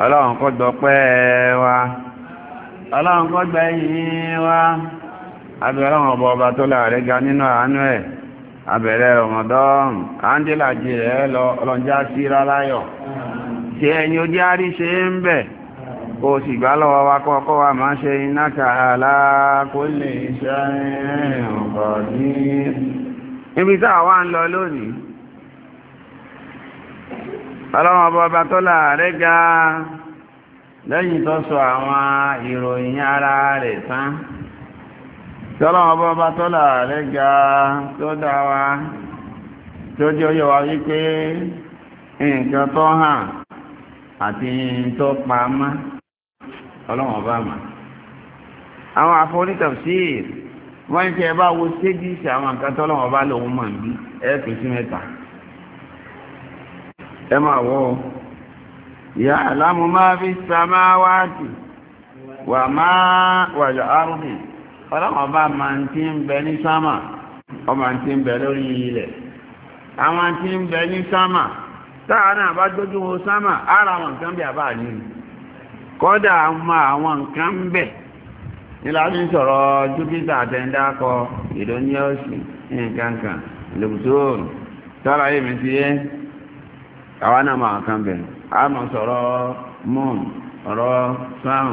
ọlọ́run kó gbọ́pẹ́ wa ọlọ́run kó gbẹ̀yìn wa ọlọ́run ọba ọba tó láàrẹ́ ga nínú àánú ẹ̀ abẹ̀rẹ̀ Ramadan angela jẹ́ ẹ lọ sí ráráyọ̀ tí ẹni ṣe ń bẹ̀ o sì gbá lọ́wọ́ wa wa máa ṣe ọlọ́run ọba ọba tó láàárẹ̀ ga lẹ́yìn tó sọ àwọn ìròyìn ara rẹ̀ tán tí ọlọ́run ọba ọba tó láàárẹ̀ ga tó dá wa tó jẹ́ oyè wa wípé nǹkan tó hàn àti tó pamọ́ ọlọ́run ọba mà àwọn àforítọ̀síì wọ́n ń ṣe ẹ bá wo ṣéjì sí àwọn nǹkan tó ọlọ́run ọba lòun mọ̀ bí ẹ̀ pèsè mẹ́ta. ẹ Ya wọ́ ìyá àlámù wa fi samáwáàtì wà máa wàlẹ̀ àrùn ọlọ́wọ́n bá máa ti ń bẹ ní sámà ọmọ ti ń bẹ lórí ilẹ̀ àwọn ti ń bẹ ara wọn nǹkan bí àbá ní ma àwọn nǹkan ń níláàbí sọ̀rọ̀ júpítà àtẹ̀ńdákọ ìdóníọ́sì nǹkan kan àwa náà bẹ̀ a sọ̀rọ̀ moon ọ̀rọ̀ sun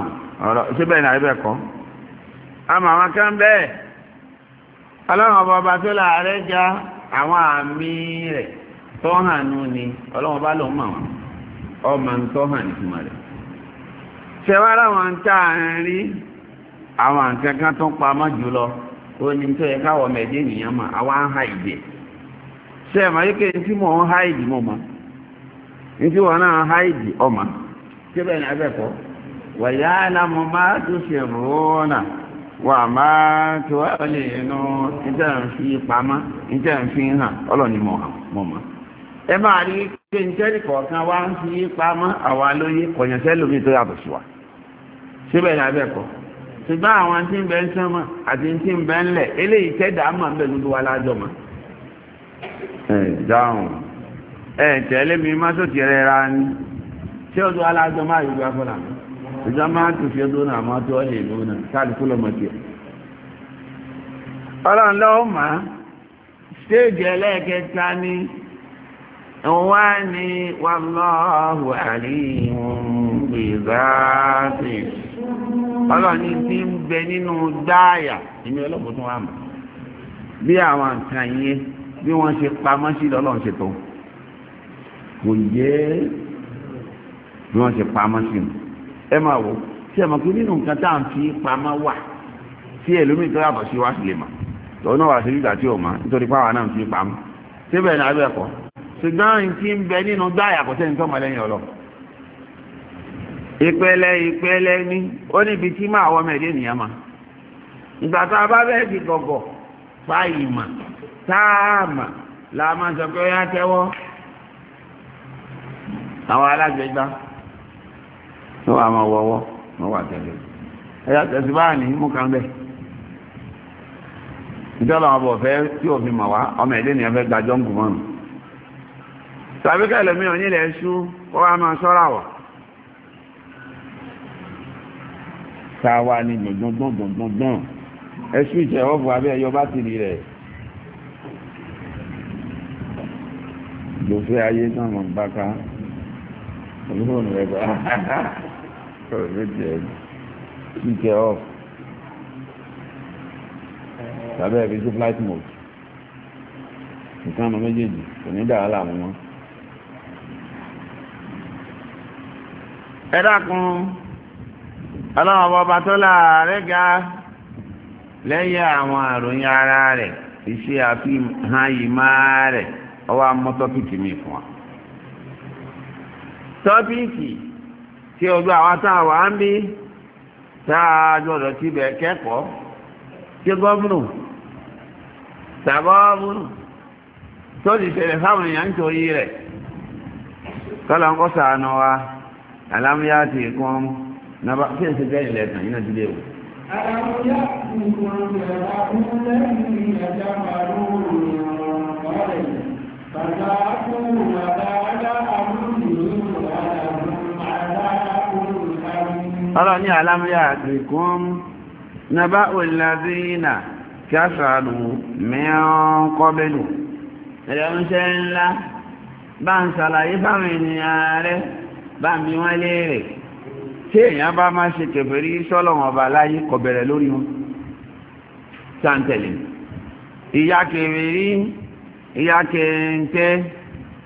ọ̀rọ̀ síbẹ̀ kọ́ ọlọ́run ọba ọba tó já àwọn àmì rẹ̀ ni ọlọ́run ọmọ ń tó hàn nítumọ̀ rẹ̀ ṣẹwàrà wọn tá à ń rí àwọn nǹkan kan tó jùlọ ó ní tó yẹ mẹ́ẹ̀dé nìyẹn nítí wọn náà háìdì ọma síbẹ̀ ní abẹ́kọ̀ wàyá alámọ̀ máa tó ṣe rọ́ọ̀nà wà máa tó lè inú níta fi pamọ́ níta fi hàn ọlọ́ni mọ̀ ẹ máa rí pé nítorí wa síbẹ̀ ní abẹ́kọ̀ ṣùgbọ́n àwọn tí ń bẹ ń àti tí ń bẹ ń lẹ̀ eléyìí mọ̀ ń bẹ̀ ẹ̀ tẹ̀lé mi má tó ti rẹ̀ ra ni tí ó tó alájọ máa yóò gbá fọ́nà ìjọ máa tó fi ọdún náà máa tó ọ̀lẹ̀ ìlú náà káàdì kúlọ̀ mọ̀tì ẹ̀ ọlọ́run lọ́wọ́ máa stéèjì ẹlẹ́ẹ̀kẹta ni wá ní wallahu bí àwọn nǹkan yẹn bí wọ́n ṣe pamọ́ sí lọ́lọ́run ṣe tó kò yẹ bí wọ́n ṣe pamọ́ sí mi ẹ máa wò tí ẹ mọ̀ pé nínú nǹkan tá à ń fi pamọ́ wà tí ẹlòmíì tó yàtọ̀ sí wa sì lè mọ̀ tọ́ náà wà sí ìgbà tí ò mọ̀ nítorí pàwọn náà ń fi pamọ́ síbẹ̀ ní abẹ́ ẹ̀kọ́ ṣùgbọ́n n ti ń bẹ nínú gbáyà kò sẹ́ni tọ́mọ lẹ́yìn ọlọ ìpẹlẹ ìpẹlẹ ní ó níbi tí máa wọ mẹ́rin ènìyàn máa ìgbà tá a bá bẹ́ẹ̀ fi gọ̀gọ̀ fa ìmọ̀ táàmà la máa sọ pé ó yá tẹ́wọ́ àwọn alágbègbà tó wà máa wọ́wọ́ wọ́n wà tẹ̀lé ẹ̀yà tẹ̀sí báà ní mú kan bẹ́ẹ̀ nítorí àwọn ọbọ̀ fẹ́ tí òfin mọ̀ wá ọmọ ẹ̀dẹ́ ni ẹ̀fẹ́ gbàjọ́ ń gùnmọ́nù tàbí kẹlẹ̀ mi ò ní ilẹ̀ ṣú ó wá máa ṣọ́ra wọ̀ ká wá ní gbọ̀ngbọ̀ngbọ̀ngbọ̀n ẹṣú ìṣẹ̀ ọ̀fù abẹ́ ẹ̀yọ bá ti rẹ̀ gbòfẹ́ ayé náà mọ̀ bá ká phone rẹ ha ha ha jẹ́ kíkẹ́ off tàbí ẹ̀bí sí flight mode nǹkan ọmọ méjèèjì kò ní dàá láàmú wọn. ẹ dákun ọlọ́run ọba tó láàárẹ̀ ga lẹ́yìn àwọn àròyìn ara rẹ̀ iṣẹ́ àfihàn yìí máa rẹ̀ ọwọ́ amọ́tọ́pìtì mi fún wa. tọ́pìkì tí ọgbà wa tá ń bí tá a gbọ́dọ̀ bẹ̀ kẹ́kọ̀ọ́ tí tó ti ṣẹlẹ̀ fáwọn èèyàn wa ti kún nàbà kí n ṣe jẹ́ ilẹ̀ kan yín náà ti dé o. alámúyá ti kún nàbà kún lẹ́yìn ìyàjá màlúù rẹ̀ ọ̀rọ̀ rẹ̀ bàbá ọlọ́ni alámúyà àtìkún nàbá òlàzínà kí a sàánù mẹ́rán kọ́bẹ̀lù ẹ̀rẹ́múṣẹ́ ńlá bá ń sàlàyé fáwọn ènìyàn rẹ̀ bá ń bí wọ́n léèrè tí èèyàn bá máa ṣe kèfèrí sọ́lọ̀wọ̀n ọba láyé kọ̀bẹ̀rẹ̀ lórí wọn sáńtẹ̀lẹ̀ ìyá kèfèrí ìyá kẹ̀ǹtẹ́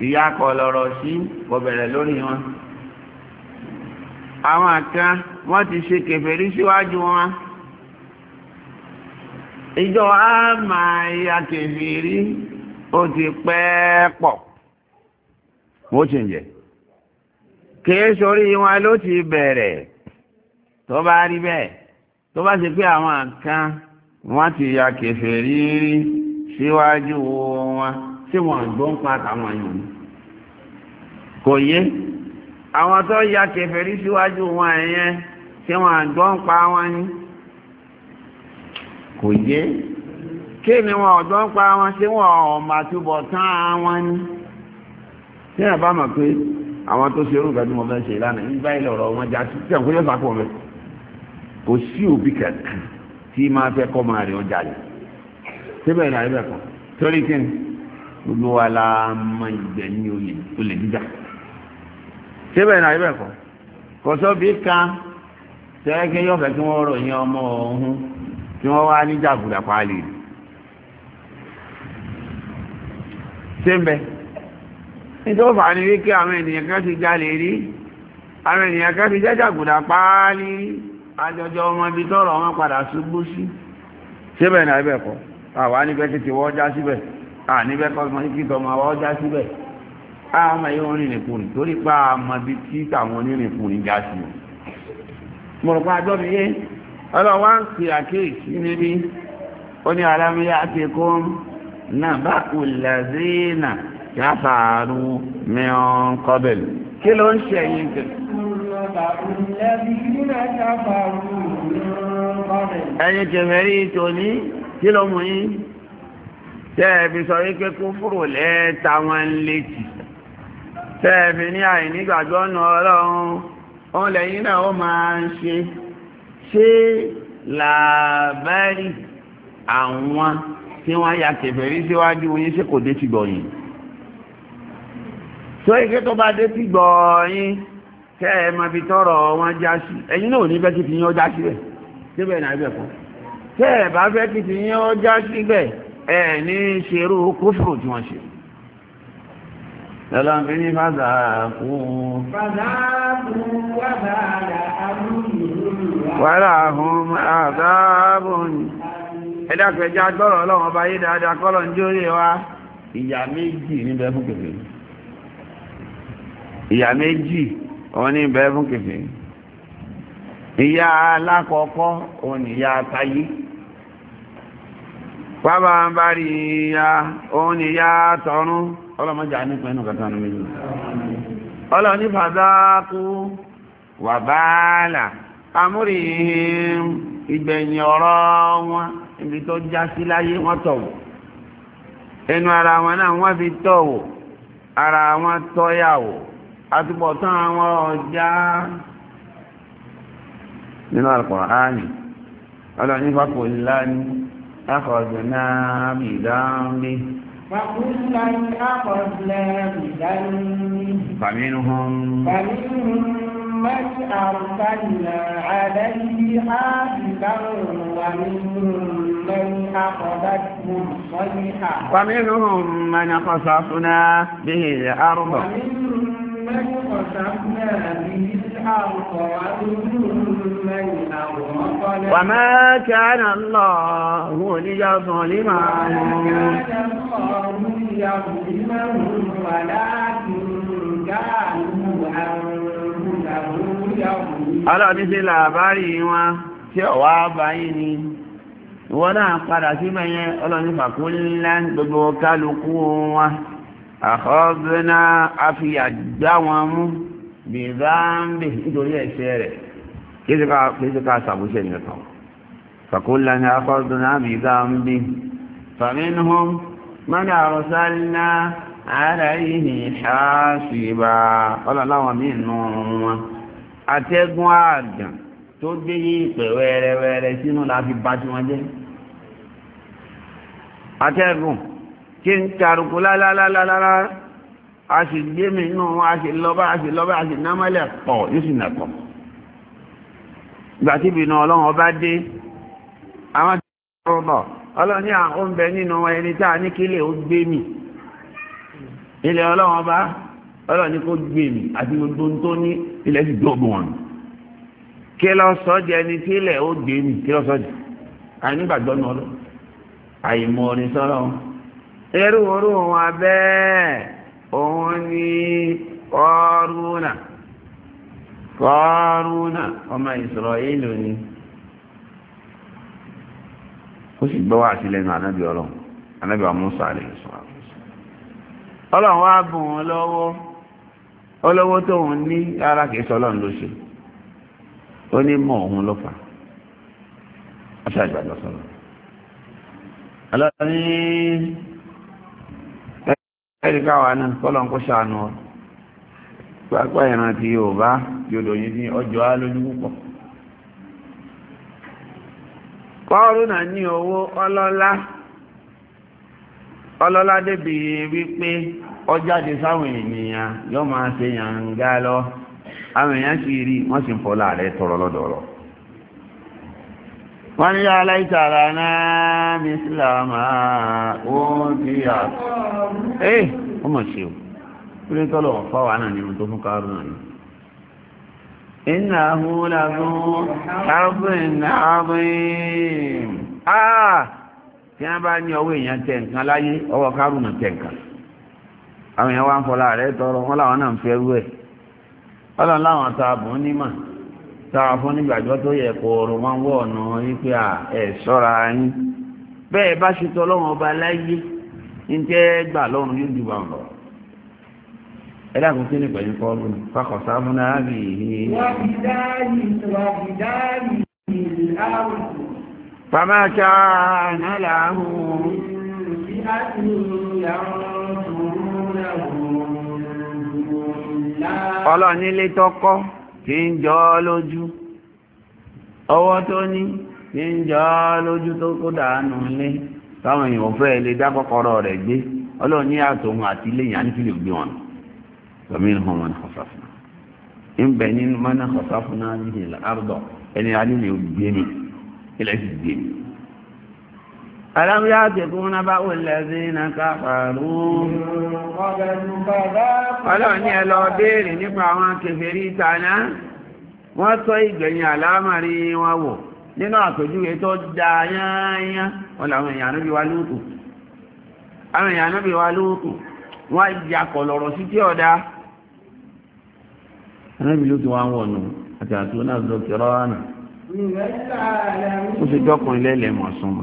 ìyá kọlọ̀rọ̀ sí kọ̀bẹ̀rẹ̀ lórí wọn àwọn àkán wọ́n ti ṣe kèfèrí síwájú wọn ìjọ á máa ya kèfèrí ó ti pẹ́ pọ̀ mo ti ń jẹ kìí sórí wọn ló ti bẹ̀rẹ̀ tó bá rí bẹ́ẹ̀ tó bá ṣe pé àwọn àkán wọ́n ti ya kèfèrí rí síwájú wọn tí wọ́n gbọ́n pa àtàwọn yìí kò yé àwọn tó ya kèfèrí síwájú wọn ẹ̀yẹn tí wọ́n àjọ ń pa wọn ní kò yé kí ni wọn ọ̀dọ́ ń pa wọn tí wọn ọ̀mà túbọ̀ tán wọn ní tí ẹ̀ bá mọ̀ pé àwọn tó ṣe orúkọ tí mo fẹ́ ṣe ìlànà nígbà ilẹ̀ ọ̀rọ̀ wọn já sí tí àwọn yóò sápò mẹ́ kò sí òbí kankan tí máa fẹ́ kọ́ máa rí ọjà yìí síbẹ̀ ìlànà ibẹ̀ kan torí kí ni gbogbo wa la mọ ìgbẹ̀yìn olè jíjà. síbẹ̀ náà ibẹ̀ kọ́ kò ka kan tẹ́lẹ̀kẹ́ yóò fẹ́ kí wọ́n ọmọ ọ̀hún tí wọ́n wá ní jàgùdà pálí rẹ̀ síbẹ̀ nítorí wọ́n fà ní wípé àwọn ènìyàn kan ti jalè rí àwọn ènìyàn kan ti jẹ́jàgùdà pálí àjọjọ ọmọ ibi tọ́rọ̀ wọn padà ṣubú sí síbẹ̀ náà ibẹ̀ kọ́ àwa níbẹ̀ kí ti wọ́ àmà yóò rìnrìn kùnrin torí pa àmà bí tí àwọn onírìn kùnrin já sí o mọ̀rọ̀ pa àjọ mi yé ọlọ́wọ́ ń pè àkéèsí níbi ó ní alámiyá ti kó náà bá ulazina káfàárù mìíràn kọ́bẹ̀lì kí ló ń ṣe ẹ̀yìn kẹ ẹ̀yìn kẹfẹ́rí tòní kí ló mú yín tẹ́ẹ̀bí sọ wípé kúfùrù lẹ́ẹ̀ta wọn létí tẹ́ẹ̀fì ní àìnígbàgbọ́ ọ̀nà ọlọ́run òun lẹ́yìn náà ó máa ń ṣe ṣe làbẹ́rì àwọn tí wọ́n ya kẹfẹ̀rí síwájú yín ṣe kò dé ti gbọ̀yìn tó ike tó bá dé ti gbọ̀yìn kẹ́ ẹ máa fi tọrọ wọn já sí ẹ̀yin náà ò ní bẹ́ẹ̀ kí ti yín ọjà síbẹ̀ síbẹ̀ náà ibẹ̀ kan tẹ́ ẹ bá fẹ́ kí ti yín ọjà síbẹ̀ ẹ̀ ní ṣerú kófòrò tí wọ́n ṣe. Ẹlọ́n fi ní fàzà kú. Fàzà kú wàzà Wàrà ahùn àzáàbùn. Ẹdàkẹjá gbọ́rọ̀ ọlọ́run ọba yé dáadáa kọ́lọ̀ ń jórí wa. Ìyà méjì níbẹ̀ fún kèfè. Ìyà méjì òun ní ìbẹ̀ fún kèfè. Ìyà alákọ̀ọ́kọ́ òun ni ìyà táyé. Pábà ń bá rí ìyà òun ni ìyà tọ̀run ọlọ́mọjà nípa ẹnu kàtà nù méjì ọlọ́ni fàdákú wà báàlà amúrí ìgbẹ̀yìn ọ̀rọ̀ wọn ibi tó já sí láyé wọ́n tọ̀wọ̀ ẹnu ara wọn náà wọ́n fi tọ̀wọ̀ ara wọn tọ́yàwó àtúbọ̀tán àwọn ọjà nínú Al-Qur'ani ọlọ́ni fàkùnlá ní akọ̀ọ̀dùn náà mìíràn bíi فكلا أخذنا بذنبه فمنهم فمنهم من أرسلنا عليه حافظا ومنهم من أخذته الصيحة ومنهم من قصصنا به الأرض ومنهم من خسفنا به الأرض وما كان الله ليظلمهم كان الله ليظلمهم ولكن كانوا أنفسهم يظلمون ألا مثل أباري tí ọ̀wá báyìí ni ìwọ náà padà sí mẹ́yẹn ọlọ́ni fàkúnlẹ́ gbogbo kálukú wọn àkọ́gbẹ́ná àfihàn dá wọn mú bí záńbì nítorí ẹ̀ṣẹ̀ rẹ̀ kéèsì ká sàbúṣe nìkan fàkúlà ní àkọ́gbẹ́ná bí záńbì fàmínhùn mọ́nà àrùsálínà àdáyìí ṣáàṣìbà ọlọ́láwọn míì nù wọn atẹ́gùn àdàn tó gbé yí ìpè sínú la bá tí wọ́n jẹ́ atẹ́gùn kí n karùkù lálálálálá a sì gbé mi inú a sì lọ́bá a sì lọ́bá a sì námọ́lẹ̀ pọ̀ yóò sì nàpọ̀ ìgbà tí ìbìnà ọlọ́run ọba dé àwọn tí wọ́n bọ̀ ọlọ́run ní àwọn oúnjẹ nínú ẹni tá a ní kílẹ̀ ó gbé mi ilẹ̀ ọlọ́run ọba ọlọ́run ní kó gbé mi àti gbogbo tó ní ilẹ̀ sì dóògùn wọn kí lọ sọ́jà ẹni kílẹ̀ ó gbé mi kí lọ sọ́jà àìnígbàgbọ́nù ọlọ́run àìmọ̀ ọ̀rìn sọ́lọ́run ẹrú orú wọn abe òun ni kọ́rúnà kọ́rúnà ọmọ ìsọ̀rọ̀ìlú ni ó sì gbọ́wà sílẹ̀ ní anábì ọlọ́run anábì àmúsà alẹ́ ìsọ̀rọ̀ ọlọ́run wá bùn ún lọ́wọ́ ọlọ́wọ́ tó ní ara kìí sọ ọlọ́run ló ṣe ó ní mọ̀ òun ló ẹ̀ríkà wà náà kọ́lọ̀n kó ṣàánú ọ pápá ìran ti Yorùbá yóò yìí ní ọjọ́ á lójú púpọ̀ pọ́ọ̀rù náà ní owó ọlọ́lá ọlọ́lá débi wípé ọjáde sáwọn ènìyàn yóò máa ṣe yàǹgá lọ àwọn èèyàn sì rí wọ́n sì ń fọlá rẹ̀ tọrọ lọ́dọ̀ọ̀rọ̀ wọ́n ní yàrá náà bí sílámà ó ẹ́ ọmọ ṣe o ní tọ́lọ̀ fáwà náà nínú tó fún kárùn náà ìnáhù lágún ṣàbìn àbìn àà tí wọ́n bá ní ọwọ́ èèyàn tẹ̀ láyé ọwọ́ kárùn náà tẹ̀ àwọn èèyàn wá ń fọlá rẹ̀ tọrọ táwọn fún nígbàgbọ́ tó yẹ kóòrò wọn wọ̀ ọ̀nà wípé à ẹ̀ sọ́ra yín bẹ́ẹ̀ bá ọba láyé ń jẹ́ gbà yóò ju ẹ kí ni pẹ̀lú kọ́ọ̀lù fakọ̀ sáfún náà tí ń jọ lójú ọwọ́ tó ní tí ń jọ lójú tó kó dànù lé táwọn èèyàn fẹ́ lè dá kọ́kọ́rọ́ rẹ̀ gbé ọlọ́run ní àtòun àti ilé yẹn á ní kí lè gbé wọn lọ́mí ìhàn wọn kọ̀sáfúnà ń bẹ nínú mọ́nà kọ̀sáfúnà ní ìlà àrùdọ̀ ẹni á lè gbé mi ilẹ̀ ti gbé mi. ألم يأتكم نبأ الذين كفروا Ọlọ́run ní ẹ lọ béèrè nípa àwọn kèfèrí tàná wọ́n tọ́ ìgbẹ̀yìn àlámàrí wọn wò nínú àpèjúwe tó dá yányán wọ́n làwọn èèyàn níbi wa lóòkù àwọn èèyàn níbi wa lóòkù wọ́n ya kọ̀lọ̀rọ̀ sí tí ọ̀dá anábì lóòkù wọn wọ̀nù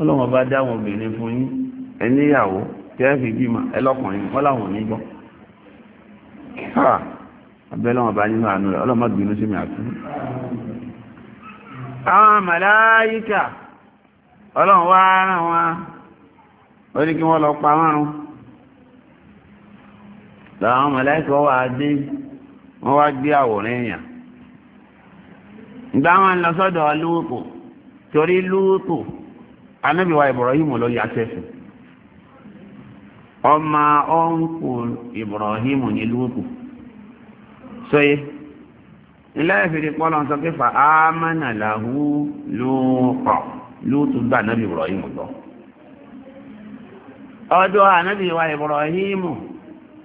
ọlọ́wọ́n bá dáwọn obìnrin fún yín ẹníyàwó tẹ́ẹ̀fì bímọ ẹlọ́kùnrin wọ́n láwọn onígbọ́ abẹ́lọ́wọ́n bá nínú àánú rẹ̀ ọlọ́mọ sí mi àtú àwọn màláyíkà ọlọ́wọ́n wá rán wọn kí wọ́n lọ pa márùn wà wọn anábì wa Ibrahim ló yà sẹ́sìn ọmọ ọ̀nkù Ibrahim ní lóòkù sọyé iláyàfẹ́dẹ́ pọ́lọ́n sọ pé fa ámánà làhú lóòpọ̀ lóòtú gbà anábì Ibrahim lọ ọdọ́ anábì wa Ibrahim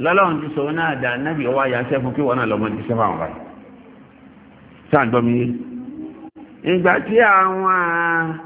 lọ́lọ́run ti sọ náà dà anábì wa yà kí wọ́n náà lọ́mọ ti sẹ́fún àwọn báyìí sáà gbọ́ ìgbà tí àwọn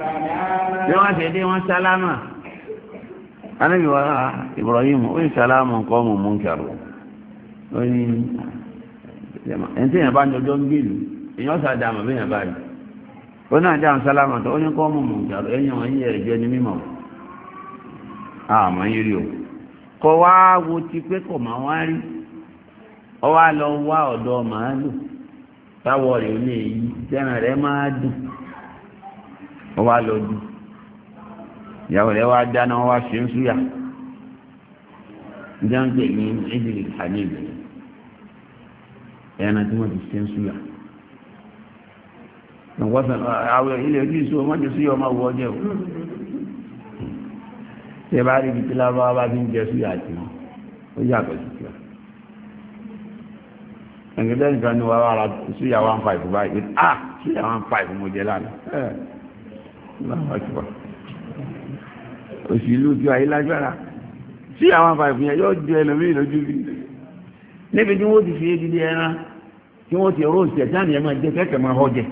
bí wọ́n ṣe dé wọ́n sálámà anábìwá Ibrahim ó sálámà nǹkan mọ̀ mọ́ nkàrò ó ní ẹni tí èèyàn bá ń jọjọ́ ń gbèlú èèyàn sá dáàmà bí báyìí ó náà dáàmà sálámà tó wọn yẹ àmọ́ rí o wá wo ti pé kò máa wá rí ọ wọ́n wá lọ dùn ìyàwó rẹ̀ wá dáná wá ṣe ń súyà jáǹpẹ̀ ní ìdílé àdébì ẹ̀yàn tí wọ́n ti ṣe ń súyà wọ́n àwọn ilé ojú ìṣòro mọ́jú sí ọmọ wọ ọjọ́ ò tí ẹ bá rí ibi tí lábáwá bá fi ń jẹ súyà àti wọn ó yàtọ̀ sí súyà ẹ̀ǹgẹ̀dẹ́ nìkan ni wàá wà ra súyà one five báyìí ah súyà one five mo jẹ lánàá òṣìlú ojú ayé lágbára tí àwọn àfàìfù yẹn yóò ju ẹlòmíì lójú bí níbi tí wọ́n ti fi égidì ẹran tí wọ́n ti rò ṣẹ̀ sáà nìyẹn máa kẹ́kẹ́ máa họ́ jẹ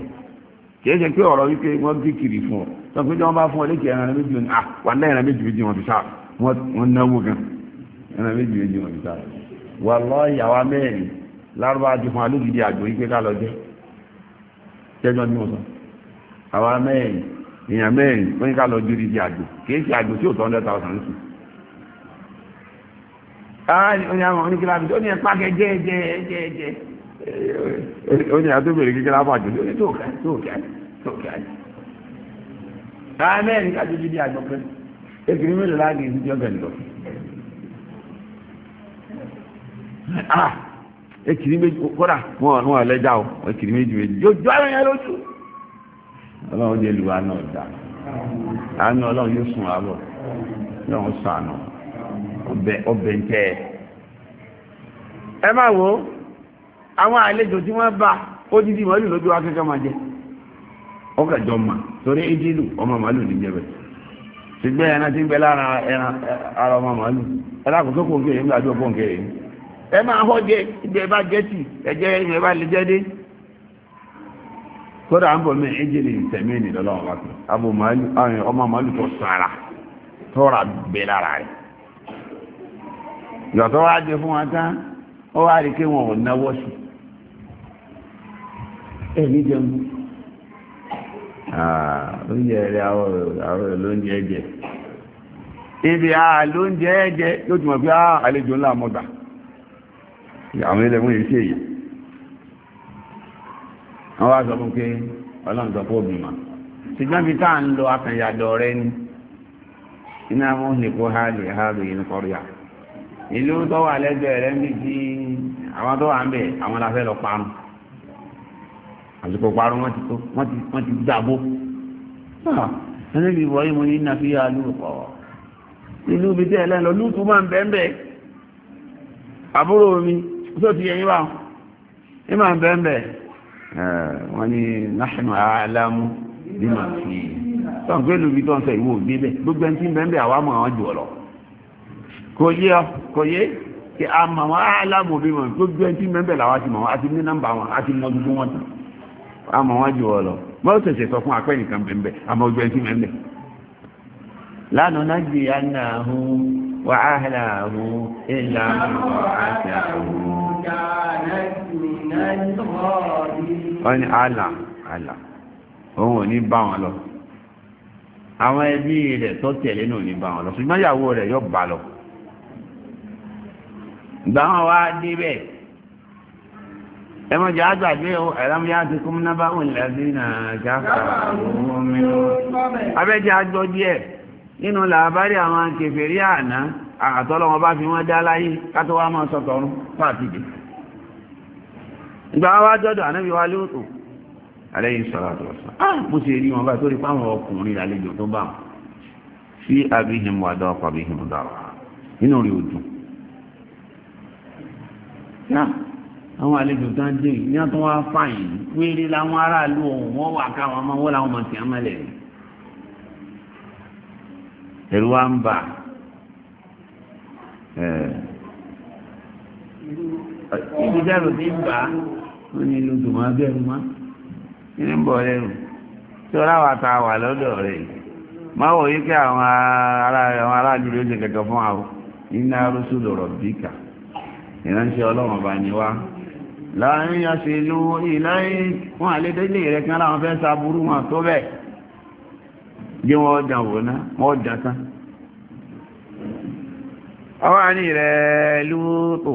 kì ṣe pé ọ̀rọ̀ wípé wọ́n bí kiri fún ọ sọ pé tí wọ́n bá fún ọ lékè ẹran méjì ní à wà ní ẹran méjì méjì wọn fi sáà wọ́n náwó gan ẹran méjì méjì wọn fi sáà wà lọ́ ìyàwó mẹ́rin lárúbá ti fún alógidi àjò yìí pé ká lọ jẹ́ èèyàn mẹ́rin wọ́n ní ká lọ jírí di àgbò kìí ṣe àgbò tí ò tó hundred thousand ń sùn. ara ó ní àwọn oníkìlá àbíjọ ó ní ẹ̀pá kẹ jẹ́ jẹ́ jẹ́ jẹ́ ó ní àtó bèrè kíkìlá fún àjò lórí tó kẹ́ tó kẹ́ tó kẹ́ ara mẹ́rin ká jírí di àgbò kan ekiri mélòó láàgì ìdíjọ́ bẹ̀rẹ̀ lọ. ekiri méjì kódà wọn ò lẹ́jà o ekiri méjì méjì yóò jọ àwọn yẹn lójú. ọlọ́run jẹ́ ìlú àná ọ̀dà àánú ọlọ́run yóò sùn àbọ̀ lọ́run ọbẹ̀ ń tẹ́ ẹ. máa wo àwọn àlejò tí wọ́n bá ó dídí màálù lójú akẹ́kọ̀ọ́ máa jẹ ọkàjọ mà torí ìdílù ọmọ màálù ní jẹ ẹran ti ń lára ẹran ara ọmọ màálù kò ń kéré nígbà kò ń kéré ẹ máa họ́ jẹ ìgbẹ́ bá jẹ́ tì ẹ̀jẹ̀ ìgbẹ́ bá lè jẹ́ dé kódà ń bọ̀ mí ìjìnlẹ̀ ìtẹ̀mí ni lọ́lọ́wọ́ bá pè abo ọmọ tó sara tọ́ra bẹ́ẹ̀ rẹ̀ ìyọ̀tọ̀ wá dé fún wa ó wá rí i wọn ò náwó sí ẹ̀mí jẹun ah, lóúnjẹ jẹ ibi lóúnjẹ jẹ yóò tún mọ̀ pé ah, wọ́n wá sọ fún pé ọlọ́run sọ fún obìnrin ṣùgbọ́n bí táà ń lo akànyàdọ̀ rẹ ni iná wọn lè kó ha lè ha lè yín kọ́ríà ìlú tó wà lẹ́gbẹ̀ẹ́ rẹ níbi tí àwọn tó wà ń bẹ̀ àwọn la fẹ́ lọ parun àsìkò parun wọ́n ti tó wọ́n ti dàbó ah, ẹlẹ́bi ìwọ yìí mo ní nàfi yà lù pọ̀ ìlú ibi tí lọ lùtù máa ń bẹ́ẹ̀ bẹ́ẹ̀ àbúrò mi tó ti yín wà ó máa ń bẹ́ẹ̀ bẹ́ẹ̀. Eh, wọ́n ní náṣínú aláàmú bí mà sí i tọ́n pé lóbi tó ń sọ ìwò òbí bẹ́ẹ̀ gbogbo ẹni tí ń bẹ́ẹ̀ àwa mọ̀ àwọn jù ọ lọ kò yé ọ kò yé kí a mọ̀ wọn aláàmú bí mà gbogbo ẹni tí ń bẹ́ẹ̀ làwa ti mọ̀ wọn àti ní nọ́mbà wọn àti mọ gbogbo wọn tán a wọn jù ọ lọ mọ́tò tẹ̀sẹ̀ sọ fún apẹ́ nìkan bẹ́ẹ̀ àmọ́ gbogbo ẹni tí ń bẹ́ẹ̀ lánàá náà gbé yánná وأهله إلا من رعته كانت wọ́n ní àlà àlà òun ò ní bá wọn lọ àwọn ẹbí rẹ̀ tó tẹ̀lé náà ò ní bá wọn lọ ṣùgbọ́n ìyàwó rẹ̀ yóò bá lọ ìgbà wọn wá débẹ̀ ẹmọ jẹ́ àgbàgbé ẹ̀lámúyá ti kún náà bá wọn lẹ́bí náà jáfà omi abẹ́jẹ́ àjọ díẹ̀ nínú làbárí àwọn kèfèrí àná àtọ́lọ́wọ́n bá fi wọ́n dá láyé kátó wá máa sọ̀tọ̀rún pàtìdì ìgbà wá jọ́dọ̀ ànábì wa lóòtò alayhi salatu ah mo ṣe rí wọn bá ọkùnrin àlejò tó bá sí abihim wàdà ọkọ̀ abihim dára nínú rí ojú àwọn àlejò tó ń dé ní wá wéré láwọn wà káwọn ọmọ wọn làwọn a wa ń bà ìdíjẹ́ ti ń bà á. wọ́n ní ìlú dùnmọ́ bẹ́ẹ̀rù mọ́ kí ní bọ̀ lọdọ tí ó ráwà wà lọ́dọ̀ rẹ̀ máa wọ̀ yí àwọn ará àwọn aráàlú ló ṣe kẹ̀kẹ́ fún iná lọ̀rọ̀ ọlọ́run bá láàrin yàṣẹ ìlú ìlàyé sa. wọn tó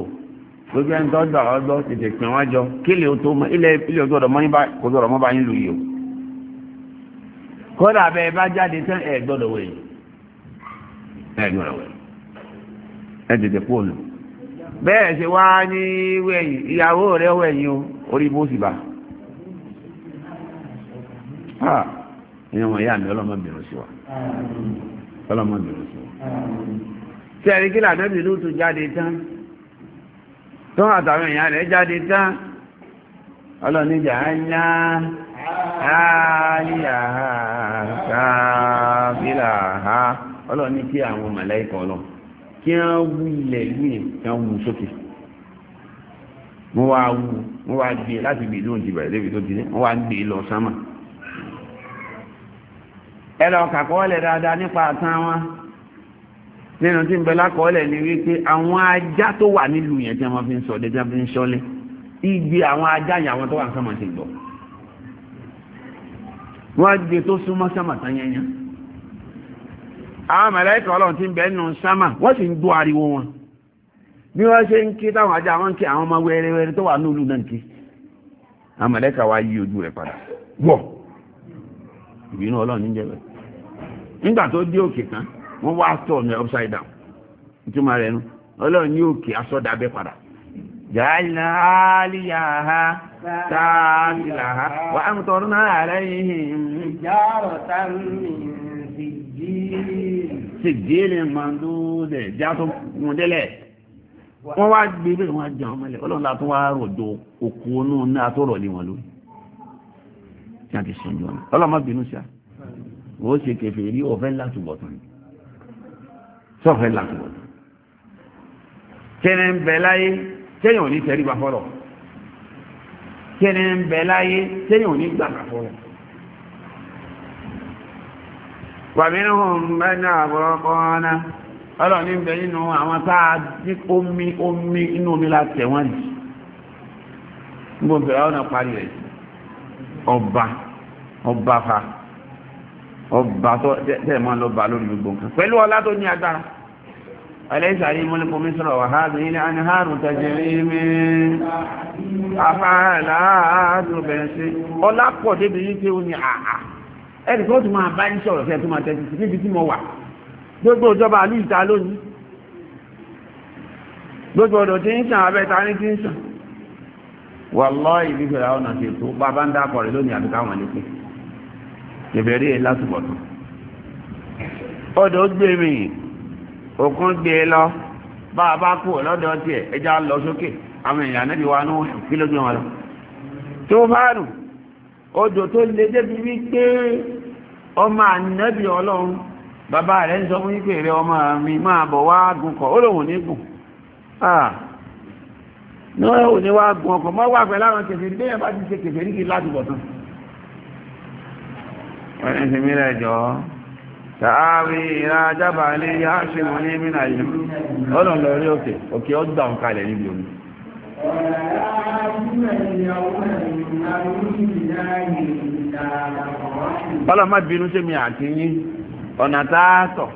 lójú ẹni tó gbà ọ́ gbọ́ tètè pín wá jọ kí lè tó mọ ilé ilé ojú ọ̀dọ̀ mọ́yìn bá kò tó ọ̀rọ̀ mọ́ bá yín lù yìí o kódà bẹ́ẹ̀ bá jáde tán ẹ̀ gbọ́dọ̀ wẹ̀ ẹ̀ gbọ́dọ̀ wẹ̀ ẹ̀ tètè kú ònà bẹ́ẹ̀ ṣe wá ní wẹ̀yìn ìyàwó rẹ̀ wẹ̀yìn o orí bó sì bá a ìyẹn wọn yá mi ọlọ́mọ bèrè sí wa ọlọ́mọ bèrè sí wa tẹ̀rí kí làdọ́bì ló tún jáde tán. tó àtàwọn èèyàn rẹ̀ jáde tán ọlọ́nìjà anya ha ọlọ́ni kí àwọn màláíkà lọ kí wọ́n wú ilẹ̀ yìí kí wọ́n wú sókè wọ́n wá gbé láti gbé nínú tí ń bẹ lákọọ́lẹ̀ ni wípé àwọn ajá tó wà nílùú yẹn tí wọ́n fi ń sọ ọdẹ tí fi ń igbe àwọn ajá yẹn àwọn tó wà ń sọmọ ti gbọ́ wọ́n gbé tó súnmọ́ sọmọ tán yẹn yẹn àwọn ọlọ́run ti ń ariwo wọn bí wọ́n ṣe ń ké táwọn ajá wọn ké àwọn ọmọ wẹ́rẹ́wẹ́rẹ́ tó wà nílùú náà ń ké àwọn wa yí ojú rẹ̀ padà wọ̀ ìbínú wọ́n wá tọ̀ ní upside down ìtumọ̀ rẹ̀ nu ọlọ́run ní òkè asọ́dàbẹ́ padà. jàìlá àlìyàhá tààlìlàhá wà á ń tọrọ náà àlẹ́yìn ìjárọ̀ tààmì sèjìlì màdúdẹ̀ jàtọ̀ mọ̀dẹ́lẹ̀ wọ́n wá gbé bẹ́ẹ̀ wọ́n á jẹun mọ́lẹ̀ ọlọ́run látún wá rọ̀jò òkú náà tó rọ̀ lé wọn lórí tí a ti sìn jọ ọlọ́run má bínú sí a ó ṣe kẹfẹ́ rí ọ̀fẹ́ láti bọ̀tún ni sọ́fẹ́ làkùnbọ̀ kẹ́ni ń bẹ láyé kẹ́yìn ò ní tẹrí ba fọlọ̀ kẹ́ni ń bẹ láyé kẹ́yìn ò ní gbà bà fọlọ̀ wàmínú mẹ́ta àbúrọ́kọ́ náà ọlọ́ọ̀ni ń bẹ nínú àwọn tá a ní omi omi inú omi la tẹ̀ wọ́n jì níbo bẹ̀rẹ̀ ọ̀nà parí rẹ̀ ọba ọba fa ọba tó tẹ̀ mọ́ lọ́ba lórí gbogbo nǹkan pẹ̀lú ọlá tó ní agbára. أليس علي ملك مصر وهذه الأنهار تجري من أفعالها تبسي ọlá pọ̀ débi wípé ó ní àà ẹni tó tún máa bá ní sọ̀rọ̀ fẹ́ tó máa tẹ́tí sí níbi tí mo wà gbogbo ìjọba àlú ìta lónìí gbogbo ọ̀dọ̀ tí ń sàn abẹ́ta ní tí ń sàn wallahi ìlú ìfẹ́ ọ̀nà ti tó bàbá ń dákọ̀ rẹ̀ lónìí àbíká wọn ní pé ìbẹ̀rẹ̀ látùbọ̀tún ọ̀dọ̀ gbé mi òkun gbé e lọ bá a bá kú lọ́dọ̀ tiẹ̀ ẹja lọ sókè àwọn èèyàn náà ti wá ní kí ló gbé wọn lọ. tó bá rù odò tó le débi wípé ọmọ ànábì ọlọ́run bàbá rẹ̀ ń sọ fún wípé rẹ ọmọ mi máa bọ̀ wá gun kọ̀ ó lòun ní gùn náà ò ní wá gun ọkọ̀ mọ́ wà pẹ̀lú àwọn kèfèrí bẹ́ẹ̀ bá ti ṣe kèfèrí kì láti bọ̀ tán. ẹ̀sìn mi rẹ̀ jọ̀ọ́. tààrí ìran ajábà ní yáṣìmọ̀ ní mínà yìí ọlọ́n lọ rí òkè òkè ọgbà ń kalẹ̀ níbi omi ọlọ́n má bínú sí mi àti yín ọ̀nà táàtọ̀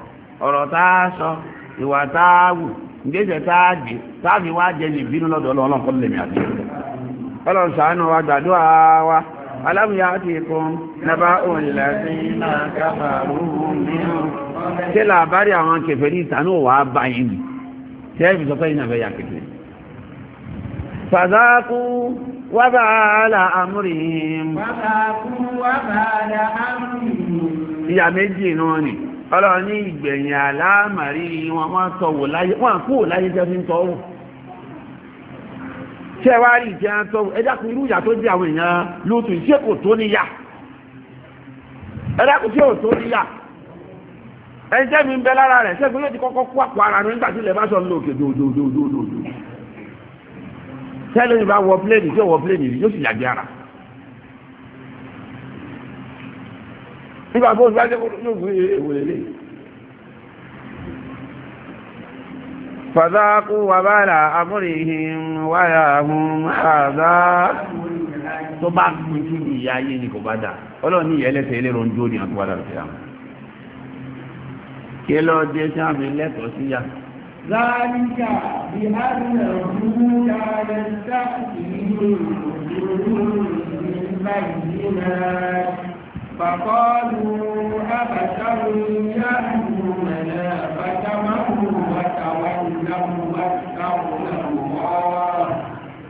ọ̀rọ̀ táàsọ ìwà táàwù ìgbésẹ̀ táàgbé táàfi wá jẹ́ ní ìbínú lọ́dọ̀ ọlọ́n lèmi àti ọlọ́n ṣàánú wa gbàdúrà wa ألم يأتكم نبأ الذين كفروا منهم ṣé làbárí àwọn kèfèrí ìtànú wà bá yìí ni tẹ́ẹ̀bì sọ pé ìnàbẹ̀ yà kèfèrí fàzákú wà bá àlà àmúrì ìyà méjì náà ni ọlọ́ni ìgbẹ̀yìn àlámàrí wọn wọ́n tọ̀wọ̀ láyé wọ́n kúrò láyé tẹ́ fi ń tọ́wọ̀ ṣe wá rí ẹjá kún irú ìyà tó jẹ́ àwọn èèyàn lóòtù ṣé kò tó níyà ẹjá kò ṣé ò tó níyà ẹjẹ́ mi ń bẹ lára rẹ̀ ṣẹ́gun yóò ti kọ́kọ́ kú àpò ara rẹ̀ nígbà tí ilẹ̀ bá sọ ní òkè dòdòdòdòdò tẹ́lẹ̀ ní wọ pléènì tí ó wọ pléènì rí yóò sì yàgbé ara nígbà tó ń bá jẹ́ kó yóò gbé èwòlélẹ́yìn فذاقوا وبال أمرهم ولهم عذاب tó bá pín kí ní ìyá ayé ni kò bá dà ọlọ́run ní ìyá ẹlẹ́sẹ̀ ẹlẹ́rọ ń jó ní àtúwà lára sí àwọn kí lọ dé tí wọ́n fi lẹ́tọ̀ọ́ sí yá. láríkà bí a nà mú yára sáàkì ní يعلم أكثرهم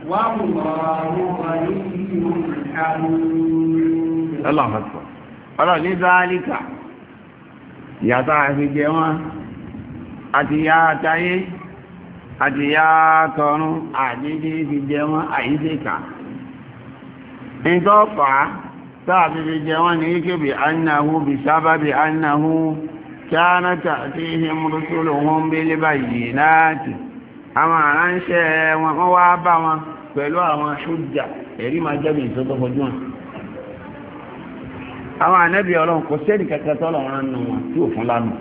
والله غني حميد الله أكبر ìyàtọ̀ àfi jẹ wọn àti ya àtayé àti ya tọrún àdídí fi jẹ wọn àyíṣẹ́kà ìtọ́pàá tàbí fi jẹ wọn ní ìkébì annahu bí sábàbí annahu كانت تأتيهم رسلهم بالبينات أما رانشا وقوابا pẹ̀lú àwọn aṣójà máa wọn àwọn ànẹ́bí kò wọn nù wọn tí ò lánà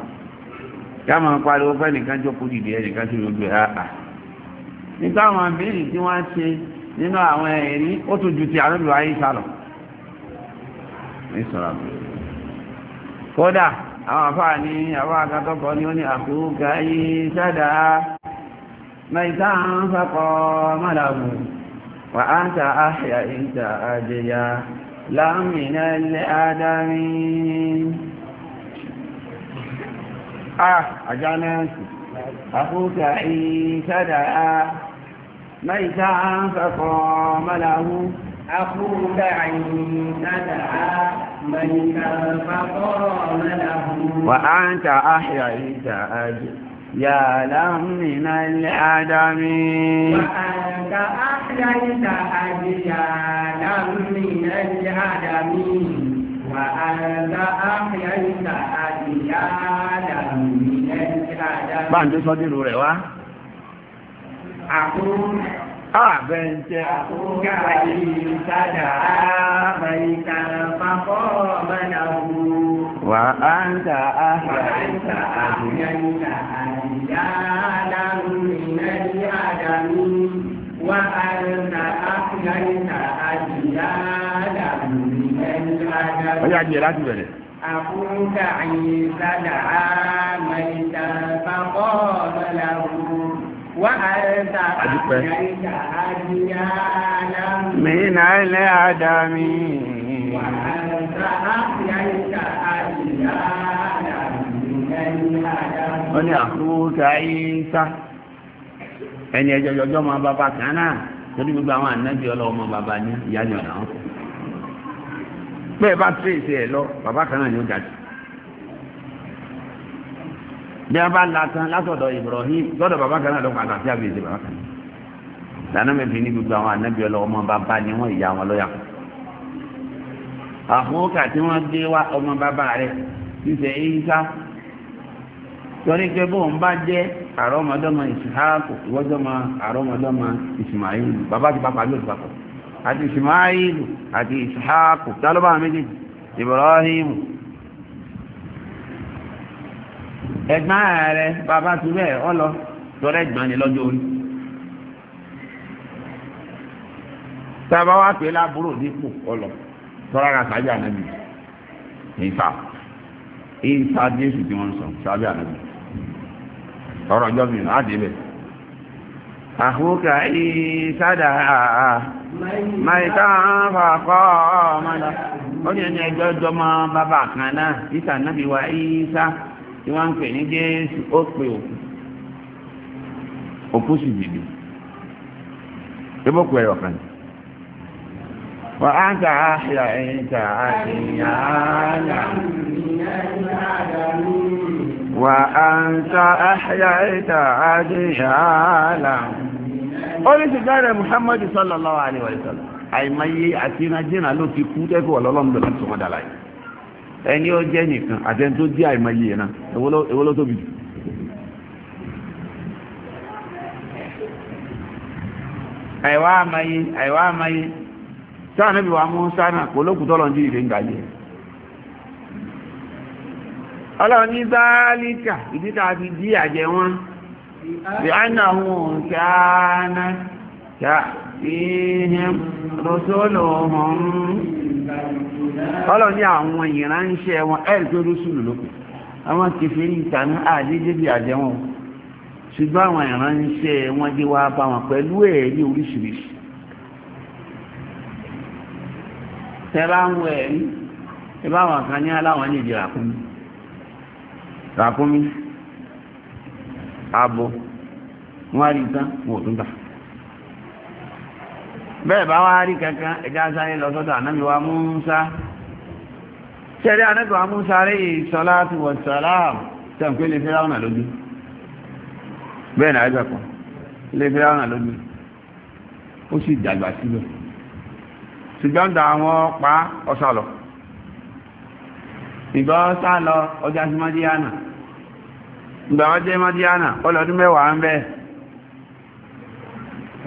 yá pariwo pé nìkan jókòó dìde ẹnìkan tí ló gbé àà nígbà àwọn abéèrè tí wọ́n ṣe nínú àwọn ẹ̀rí ó tún ju ti ayé àwọn àfáà ní àwọn akatọ́kọ́ ní ó ní àkúkà yìí sádà mẹ́ta ń fàkọ́ mọ́làmù wà á ń ta àṣà ìta àjẹyà láàmìnà ilẹ̀ adámi ah àjánẹ́sì àkúkà yìí sádà mẹ́ta ń أخوك عندها من فقام له وأنت أحييت أجل يا له من العدم وأنت أحييت أجيالا من العدم وأنت أحييت أجيالا من العدم بعد صدر رواح أقول Àbẹ̀ǹtẹ̀ àkókà ìtajà àmàìkà pàpọ̀ mẹ́nà wù. Wà á ń ta àṣà ìta àbúyẹ́ǹtà àyíká lárúrinà ní àdàmú. Wà á ń ta àṣà ìta àyíká lárúrinà ní àdàmú. Ó yà jẹ́ láti bẹ̀rẹ̀. Àkókà ìtajà àmàìkà pàpọ̀ mẹ́nà wù. Adúpẹ́. Mìíràn ilẹ̀ Adami. Ó ní àkúrúkà Ìsá. Ẹni ẹjọ́ ọjọ́ máa bàbá kan náà torí gbogbo àwọn ànábì ọlọ́wọ́ máa bàbá ní ìyá ni ọ̀nà wọn. Bẹ́ẹ̀ bá tírèsì ẹ̀ lọ, bàbá kan náà ni ó jáde. bí a bá la tán Ibrahim lọ́dọ̀ bàbá kan náà ló padà àbíyèsí bàbá kan lànà mẹ́fì ní gbogbo àwọn anábì ọlọ́wọ́ bàbá ni wọ́n ìyá wọn lọ́yà tí wọ́n gbé wá ọmọ bàbá rẹ̀ ìyíká bóun bá jẹ́ àrọ́mọdọ́mọ àrọ́mọdọ́mọ bàbá ti pàpà papọ̀ Ibrahim ẹ̀gbọ́n rẹ bàbá tu bẹ́ẹ̀ ọ lọ lọ́rẹ́ ẹ̀gbọ́n ni lọ́jọ́ orí. sábà wá pé lábúrò dípò ọlọ tọ́lá ra sábẹ́ ànábì ìfà ìfà jésù tí wọ́n sọ sábẹ́ ànábì ọ̀rọ̀ ọjọ́ mi láti ibẹ̀. àkókò ìsádà máìká fàkọ́ ọmọdé ó ní ẹni ẹjọ́ jọmọ bàbá kan náà ìsà náà fi ìsá tí wọ́n ń pè ní jésù ó pe òkú òkú sì dìde ebó pè é ọ̀kan wà á ń ta àṣìyà ẹ̀yìn ta àṣìyà àyà wà á ń ta àṣìyà ẹ̀yìn ta àṣìyà àlà ó ní ti dáre muhammadu sallallahu alaihi wa sallam àìmáyé àti ìrìnàjìnà ló ti kú tẹ́kọ̀ọ́ lọ́lọ́mọdé láti sọmọdà láyé ẹni ó jẹ́ nìkan àti ẹni tó jẹ́ àìmọye yẹn náà èwo ló tóbi jù. àìwá àmọye àìwá àmọye sáà níbi wàá mú sáà náà kó lókùtọ́ lọ́n jí ìrè ń gbà yẹ ọlọ́run ní dáálíkà ìdí tá a fi dí àjẹ wọn bí a náà hùn kí Yàtíhìm rọ́sọ́lọ́hùn. Ọlọ́ ní àwọn ìránṣẹ́ wọn ẹ̀rì tó rúsùlù lókè. Àwọn kèfèrí ìtànú àdíjé bí àjẹ́ wọn. Ṣùgbọ́n àwọn ìránṣẹ́ wọn dé wá bá wọn pẹ̀lú ẹ̀rí oríṣiríṣi. Tẹ́lá ń wọ ẹ̀rí. Ìbá àwọn kan ní aláwọn ní ìdí ràkúnmí. Ràkúnmí. Abo. Wọ́n á rí tán, wọ́n ò tún gbà. bẹ́ẹ̀ bá wá rí kankan ẹjá sáré lọ sọ́dọ̀ ànábì wa Mùsá ṣẹ̀rí ànábì wa rí salatu wa salam tẹ̀m̀pé lè fi ráwọ̀nà lójú bẹ́ẹ̀ náà ẹgbẹ̀ kan lè lójú ó sì dàgbà síbẹ̀ ṣùgbọ́n da àwọn pa ọ̀sà ìgbọ́ sá lọ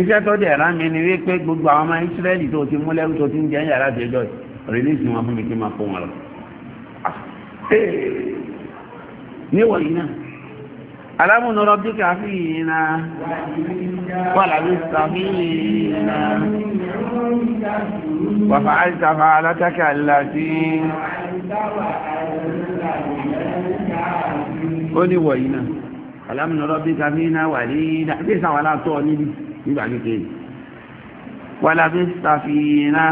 iṣẹ́ tó dẹ̀ rán mi ni wípé gbogbo àwọn ọmọ ìsírẹ́lì tó ti mú lẹ́rú tó ti ń jẹ́ yàrá àtẹ́jọ́ rìlíìsì wọn fún mi kí n máa kó wọn lọ. Ah, níwọ̀ yìí náà alámúnú rọ́bí káfí yìí náà wà lábí sàfí yìí náà wàfà àìsàfà alátákà láti ó níwọ̀ yìí náà alámúnú rọ́bí káfí náà wà ní ìdájẹ́ sáwọn alátọ́ níbi nígbà kékeré wàlá fi ṣàfihàn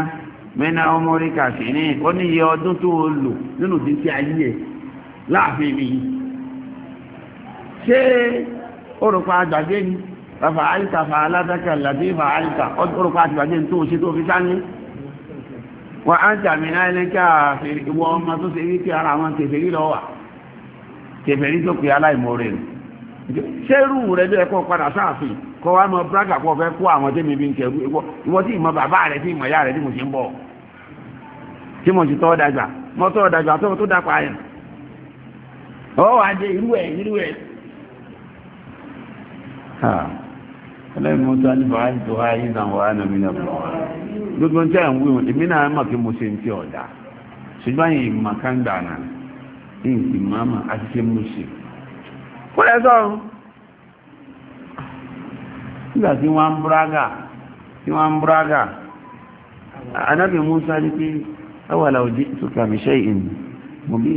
mẹ́nà ọmọ orí kàṣí ní ó ní iye ọdún tó o lò nínú ìdíkí ayé ẹ̀ láàfin mi ṣé orúkọ àgbàgbé ni fàfà àyíká fà aládàkà làbí fà àyíká orúkọ àgbàgbé tó o ṣe tó fi sáyé wà á jàmì náà ilé àfẹ́rí ìwọ ọmọ tó ṣe wí kí ara àwọn kèfèrí lọ wà kèfèrí tó pè aláìmọ̀ rẹ̀ ṣé irú rẹ̀ ló ẹ̀kọ́ padà sáàfin kọ́ wa mọ braga kọ́ fẹ́ kó àwọn tẹ́mi bí n kẹrù ìwọ tí ìmọ̀ bàbá rẹ̀ tí ìmọ̀ ìyá rẹ̀ tí mo ṣe ń bọ̀ tí mo ṣe tọ́ dàgbà mọ́ tọ́ dàgbà tó tó dàpọ̀ ayẹ̀ ọ wà dé irú ẹ̀ irú ẹ̀. ọlọ́run mo tún alifọ̀ ayé tó ayé náà wà á nà mí náà bọ̀ gbogbo ń tẹ́ ẹ̀ ń wí wọn èmi náà mọ̀ kí mo ṣe ń tí ọ̀dà ṣùgbọ́n ìmọ̀ kan gbà náà ìmọ̀ àmọ̀ àti ṣe mo ṣe. kó sọ̀rọ̀ nígbà tí wọ́n ń búrágà tí wọ́n ń búrágà anábì musa ní pé awàlà òjì tó kàmì ṣe ìní mo bí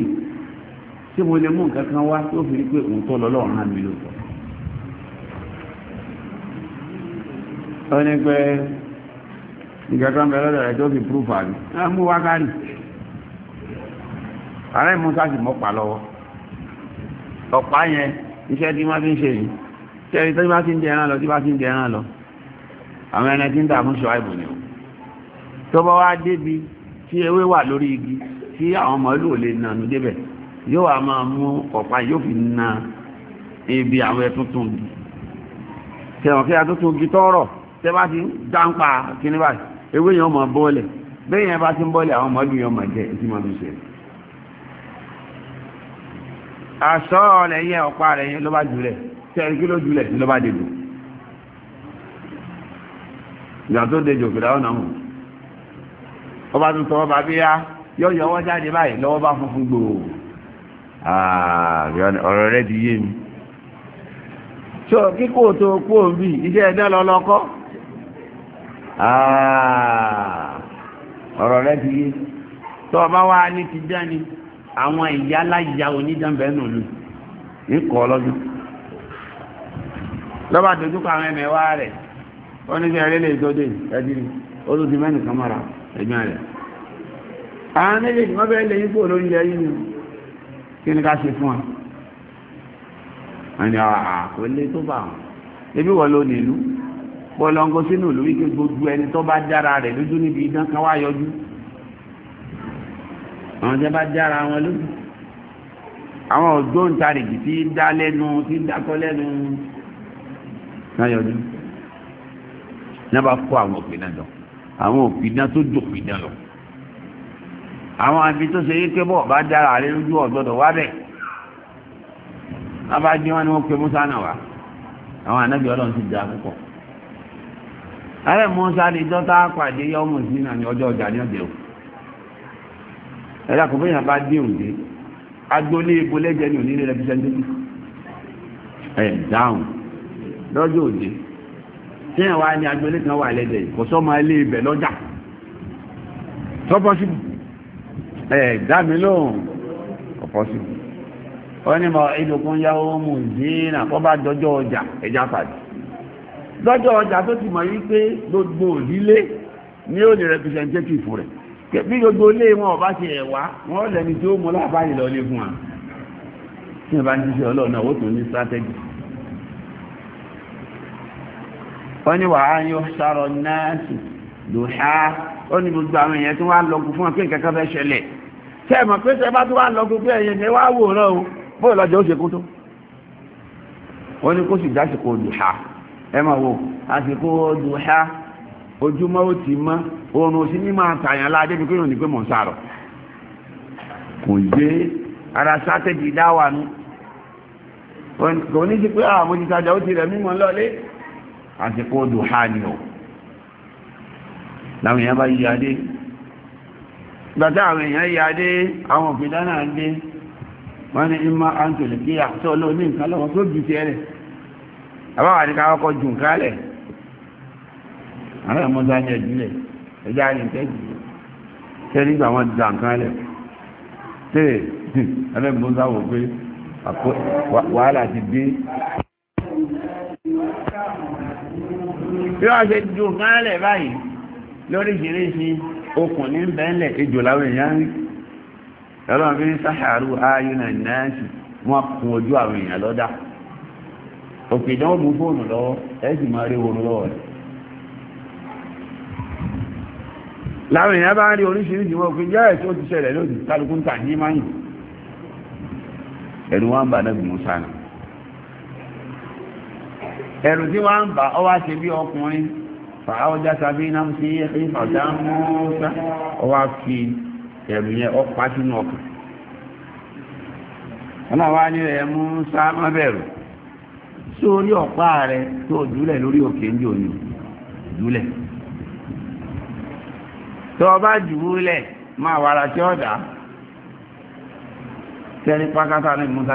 tí mo lè mú nǹkan kan wá tó fi rí pé òun tọ́ lọ lọ́rùn náà mi ló sọ. ó ní pé nǹkan kan lọ́dọ̀ rẹ̀ tó fi púrúfù àmì á mú wá kárì ààrẹ musa sì mọ́ lọ́wọ́ ọ̀pá yẹn iṣẹ́ tí wọ́n fi ń ṣe yìí ṣẹ́rí tó bá ti ń dẹran lọ tí bá ti ń dẹran lọ àwọn ẹni tí ń dà fún ṣọ́àìbù ni o tó bá wá débi tí ewé wà lórí igi tí àwọn màálù ò lè nànú débẹ̀ yóò wá máa mú ọ̀pá yóò fi na ibi àwọn ẹtuntun gi tẹ̀wọ̀n kí atuntun gi tọ́rọ̀ tẹ́ bá ti dáńpa kíní báyìí ewé yẹn máa bọ́ọ̀lẹ̀ bẹ́ẹ̀ yẹn bá ti ń bọ́ọ̀lẹ̀ àwọn màálù yẹn yẹn ọ̀pá rẹ̀ yẹn tẹ́rí kí ló jùlẹ̀ ní lọ́ba dèjò ìgbà tó dèjò kìlá ọ̀nà hù ọba tó tọ́ ọba bí yá yọ yọ ọwọ́ jáde báyìí lọ́wọ́ bá funfun gbòò ọ̀rọ̀ rẹ ti yé mi so kíkó tó kú òbí iṣẹ́ ẹ̀dá lọ lọ́kọ́ ọ̀rọ̀ rẹ ti yé tó ọba wa ní ti dání àwọn ìyá láyà onídàmbẹ́nù lù ní kọ́ ọlọ́dún lọ́ba dojúkọ àwọn ẹ̀mẹ̀wá rẹ̀ wọ́n ní sẹ́yìn lè dọ́dé ẹ̀dínì olùdí mẹ́rin kan mọ́ra ẹ̀gbọ́n rẹ̀. àwọn méjèèjì wọ́n bẹ́ẹ̀ lè yípo lórí ilẹ̀ yìí ni kí ni ká ṣe fún wa. àní àkọlé tó bá wọn ebi wọ́n ló nílú pọlọ́ngọ sínú ìlú wíkẹ́ ẹni àwọn tẹ́ bá dára wọn tí dá lẹ́nu tí dákọ́ lẹ́nu náà yọjú náà bá kó àwọn òpin náà àwọn òpin náà tó dòpin náà lọ àwọn àbí tó ṣe yí pé bọ́ọ̀ bá dára àrẹ lójú ọ̀gbọ́dọ̀ wá bá dín wọn ni wọ́n pe Musa náà àwọn Ọlọ́run púpọ̀ Musa pàdé sí náà ní ọjọ́ ọjà ẹ̀dá kò fẹ́yìn ẹ̀ dáhùn lọ́jọ́ òde tí ẹ̀ wá ní agbolé kan wà lẹ́dẹ̀ kò sọ́mọ ilé ibẹ̀ lọ́jà tọ́pọ́síbù ẹ̀ dá mi lóhùn ọ̀pọ́síbù wọ́n ní mọ̀ ìdòkun yá owó mú ìdínà kọ́ bá dọ́jọ́ ọjà ẹja pàdé lọ́jọ́ ọjà tó ti mọ̀ wípé gbogbo òdílé ni ó ní representative rẹ̀ bí gbogbo ilé wọn ọba ṣe ẹ̀wá wọn lẹni tí ó mú láàbáyé lọ lé fún wa tí ẹ bá ń ṣiṣẹ́ ọlọ́ọ̀nà ó tún ní strategy wọ́n ní wàá yóò sọ̀rọ̀ náàsì dùhá ó ní gbogbo àwọn èèyàn tí wọ́n á lọ́gùn fún ọ pé nǹkan kan fẹ́ ṣẹlẹ̀ tẹ́ ẹ̀ mọ̀ pé tẹ́ bá tún wá lọ́gùn pé ẹ̀yìn ni wàá wòran o bóyá lọ́jọ́ ó ṣe kú tó wọ́n ní kó sì dásìkò dùhá ẹ máa wò àsìkò dùhá ojúmọ́ ó ti mọ́ oorun òsì ní máa tààyàn láàdé bí kéèyàn ní pé mọ̀ ń sàrọ̀ kò yé ara sátẹ́jì dáwà ní kò ní sí pé àwọn ah, ìtajà àti kóòdù ha ni o láwọn èèyàn bá yí adé gbàtà àwọn èèyàn yí adé àwọn òfìdá náà dé wọ́n ní ìmá àǹtòlè kí àtọ́ olóò ní nǹkan lọ́wọ́ tó jù tẹ́rẹ̀ àbáwà ní káwọ́kọ́ jù nkálẹ̀ àwọn ọmọ sáà ní ẹ̀júlẹ̀ ẹjá ní tẹ́jì tẹ́rí gbà wọ́n dà nkálẹ̀ tẹ́rẹ̀ ẹlẹ́gbọ́n sáwọ̀ pé wàhálà ti dé bí wọ́n ṣe ju nǹkan lẹ̀ báyìí lóríṣiríṣi okùn ní bẹ́ẹ̀lẹ̀ ejò láwọn èèyàn rí ọlọ́run fi ń sáṣàrú ayé náà náà sì wọ́n kun ojú àwọn èèyàn lọ́dà òkè ìdánwò mú fóònù lọ́wọ́ ẹ sì máa rí oorun lọ́wọ́ rẹ̀ láwọn èèyàn bá ń rí oríṣiríṣi wọn òfin jẹ́ ẹ̀sùn ó ti ṣẹlẹ̀ lónìí kálukú ń tà ní máyìn ẹ̀rù wọn bá náà gùn sáà náà ẹ̀rù tí wọ́n ń ọ wá ṣe bí ọkùnrin fàáwọ́já sábí náà sí ìfọ̀dá mọ́ọ́sá ọ wá fi ẹ̀rù yẹn pa sínú ọkàn ọlọ́wà ní ẹ̀ mú sáàmà bẹ̀rù sórí ọ̀pá rẹ tó jùlẹ̀ lórí òkè ń jò ní tó ọba jùlẹ̀ máa wàrà tí ọ dá tẹ́rí pákátá ní musa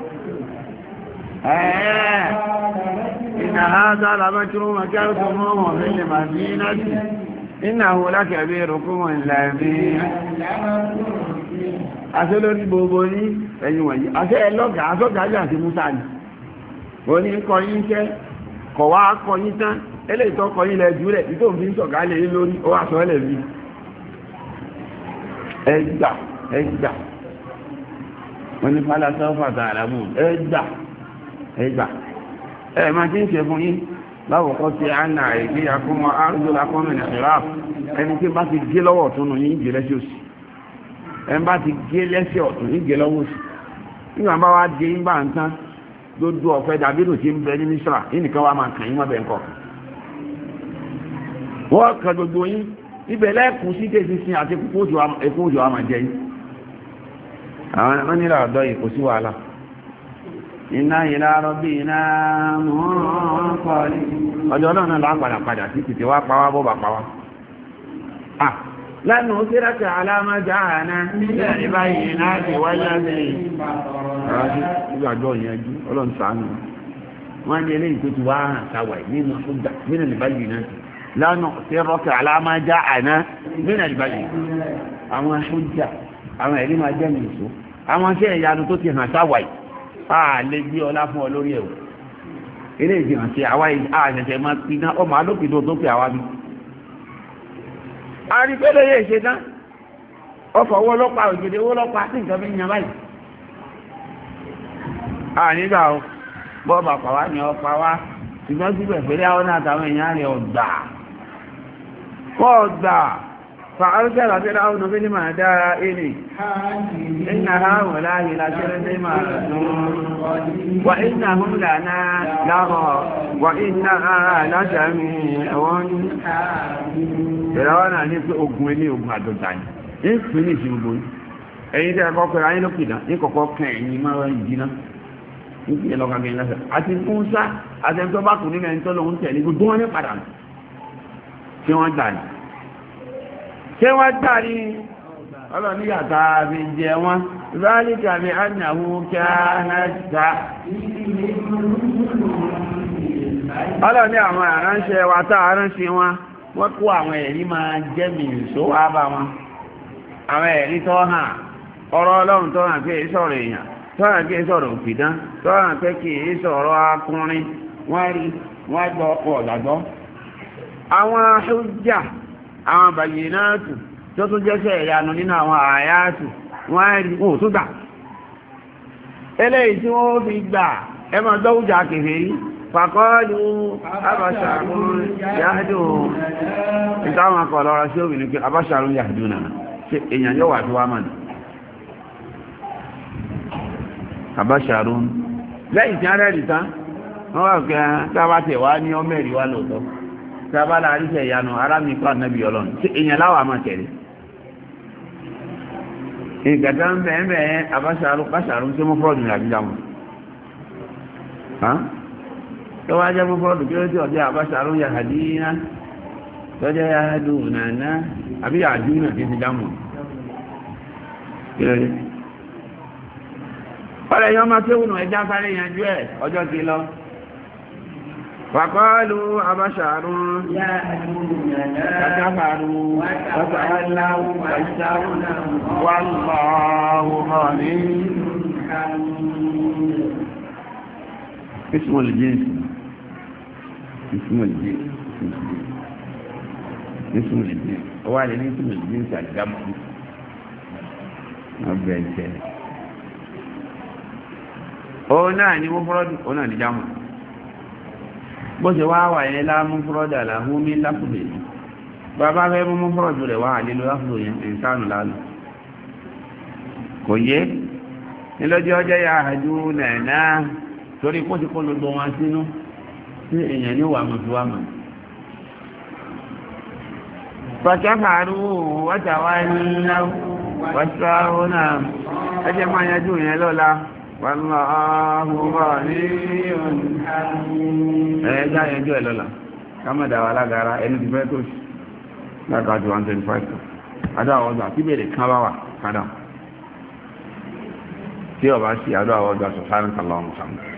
إن هذا لمكر مكرتموه في المدينة إنه لكبيركم الذي àṣẹ lórí gbogbo ní ẹ̀yìn wọ̀nyí àṣẹ ẹlọ́gà àṣọ́gájú àti múta ní òní kọyí iṣẹ́ kọ̀wá kọyí tán ẹlẹ́ìtọ́ kọyí lẹ jù rẹ̀ títò fi ń sọ̀gá lè lórí ó wà sọ́ọ́lẹ̀ ẹgbà ẹ máa tí ń ṣe fún yín láwọ̀kọ́ sí àánà èdè àkómọ àrùjọlá kọ́mìnà iraq ẹni tí bá ti gé lọ́wọ́ ọ̀tún nù yín lẹ́sẹ̀ òsì ẹni bá ti gé lẹ́sẹ̀ ọ̀tún yín gé lọ́wọ́ òsì nígbà bá wá ń tán ọ̀fẹ́ dàbí ń bẹ ní misra nìkan wá máa kàn yín wọ́n kan gbogbo yín ibẹ̀ lẹ́kùn sí tètè sin àti èkó òjò àmàjẹ yín àwọn nílò àdọ́ yìí kò sí wàhálà iná ìlà rọ́bì iná mọ́ọ̀kọ́lì ọjọ́ ọlọ́run náà lápàdà padà sí tìtì wá pàwá bọ́bà pàwá lẹ́nu sírẹ́tì alámọ́já àná nílẹ̀ ìbáyìí náà ti wáyé sí ìgbàjọ́ ìyẹnjú ọlọ́run ṣàánú wọ́n ní eléyìí tó ti wá hàn sáwà nínú ṣúgbà nínú ìbáyìí náà lẹ́nu sírẹ́tì alámọ́já àná nínú ìbáyìí àwọn ṣúgbà àwọn ẹ̀rí máa jẹ́ mi ìṣó àwọn iṣẹ́ ìyanu tó ti hàn sáwà a lè gbé ọlá fún ọ lórí ẹ̀wọ̀ ilé ìfihàn ṣe àwa àṣẹṣẹ máa ti ná ọmọ alókìdó tó pè àwa bí. a rí pé lóye ọlọ́pàá òjòdè owó ọlọ́pàá sí nǹkan bí ń yan a nígbà o bọ́ọ̀bù àpàwá ni ọ̀pá wa ṣùgbọ́n síbẹ̀ àwọn àtàwọn èèyàn rẹ̀ ọgbà! فأرسل فرعون ha إن هؤلاء لشرذمة وإنهم لنا لرى وإنها لجميع فرعون ní pé ogun ilé ogun àdọ́jà yìí ń ṣé wọ́n tà ní ọlọ́ni yàtà jẹ wọn zálìkà ní ànàwó kíánàtà ọlọ́ni àwọn àránṣẹ́ wa tá àránṣẹ́ wọn wọ́n kó àwọn ẹ̀rí wá wọn àwọn ẹ̀rí tó ọ̀rọ̀ ọlọ́run tó pé sọ̀rọ̀ èèyàn tó pé sọ̀rọ̀ òpìdán pé wọ́n rí wọ́n àwọn bàyè náà tù tó tún jẹ́ṣẹ́ ìyanu nínú àwọn àyàtù wọ́n rí wọ́n tó gbà eléyìí tí wọ́n fi gbà ẹmọ gbọ́wùjà kèfè yìí fàkọ́ọ̀lù abáṣàrún yàádù ìtàwọn akọ̀ lọ́ra sí òmìnir sábàlá àríṣẹ́ ìyanu ará mi pa nàbí ọlọ́run tí èyàn láwàá máa tẹ̀lé ìgbàdá ń bẹ̀ẹ́ bẹ̀ẹ́ abáṣàrú pàṣàrú tí fọ́ọ̀dù ní àbíjà wọn tó wá jẹ́ mú fọ́ọ̀dù kí ó tí ọjọ́ abáṣàrú yà hàdíyá tọ́jọ́ yà hàdù nàná àbí ti ọ̀rẹ́ yọ máa ẹja sáré yanjú ẹ̀ ọjọ́ ti lọ فقالوا أبشر فكفروا وتولوا واستغنوا والله غني اسم الجنس اسم الجنس اسم الجنس هو على اسم الجنس الجمع أبدا òun náà ni wọ́n fọ́rọ́dún òun náà bó ṣe wá wà yẹn lámú fúrọ́dà làhú mí lápùdè bàbá fẹ́ mú fúrọ́dù rẹ̀ wá àlélò lápùdò yẹn ìsánù lálù kò yé nílọ́jọ́ ọjọ́ ya àjú nàìná torí kó ti kó gbogbo wọn sínú sí èèyàn ní wàmù tó wàmù pàṣẹfàárù wọ́tàwá ẹni náà wọ́tàwá náà ẹjẹ́ máa yanjú yẹn lọ́la والله غني حميد ẹjá yẹnjú ẹ lọ́la kámẹ́dà wà lágara ẹni ti fẹ́ tó ṣe lága ju one twenty five adó àwọn ọjà tí bèrè kán bá wà kádà tí ọba ṣe adó àwọn ọjà sọ̀tánì kàlọ́ ọmọ sàmù.